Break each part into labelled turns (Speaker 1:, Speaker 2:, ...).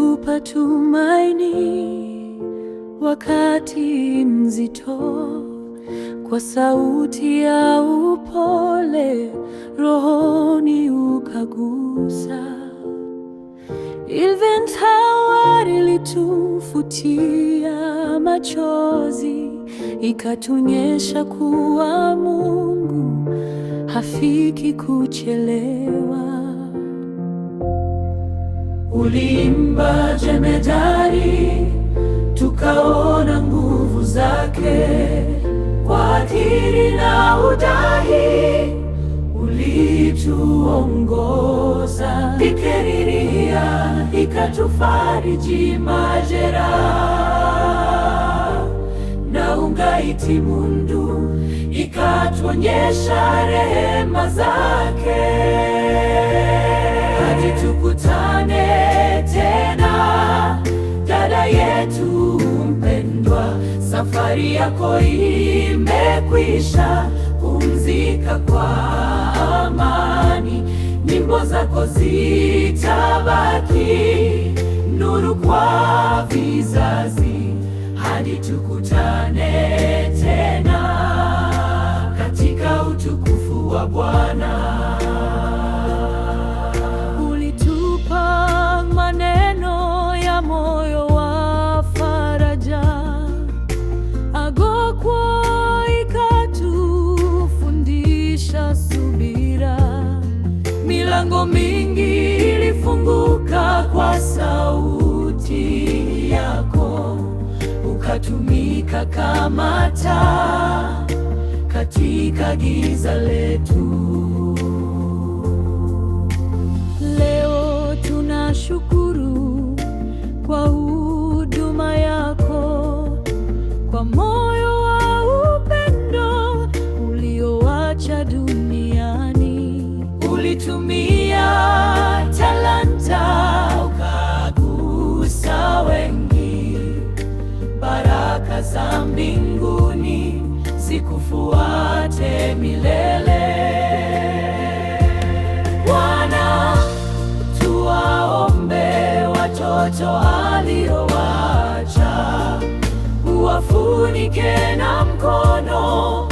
Speaker 1: kukupa tumaini wakati mzito, kwa sauti ya upole rohoni ukagusa. Il ilitufutia machozi, ikatunyesha kuwa Mungu hafiki kuchelewa
Speaker 2: ulimba jemedari, tukaona nguvu zake. Kwa dhihiri na udahi ulituongoza, Ikeriria ikatufariji majeraha, na ungaiti mundu ikatuonyesha rehema zake hadi tukutane Safari yako imekwisha, pumzika kwa amani. Nyimbo zako zitabaki nuru kwa vizazi, hadi tukutane tena katika utukufu wa Bwana. mingi ilifunguka kwa sauti yako, ukatumika kama taa katika giza letu.
Speaker 1: Leo tunashukuru kwa huduma yako kwa
Speaker 2: tufuate milele. Bwana, tuwaombe watoto aliowacha, uwafunike na mkono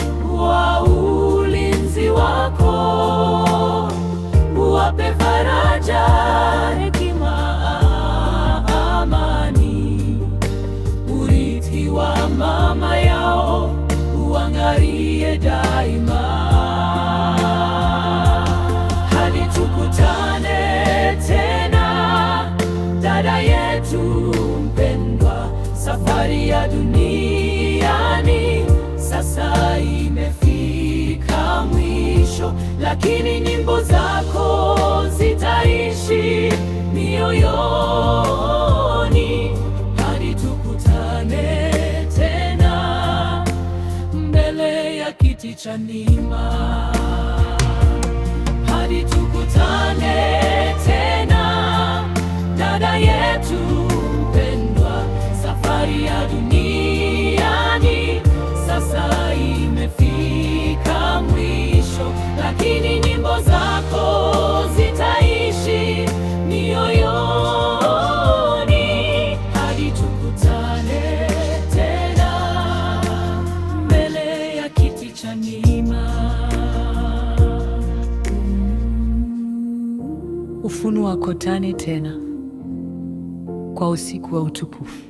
Speaker 2: safari ya duniani sasa imefika mwisho, lakini nyimbo zako zitaishi mioyoni hadi tukutane tena mbele ya kiti cha neema hadi
Speaker 1: Ufunuo wa kotani tena kwa usiku wa utukufu.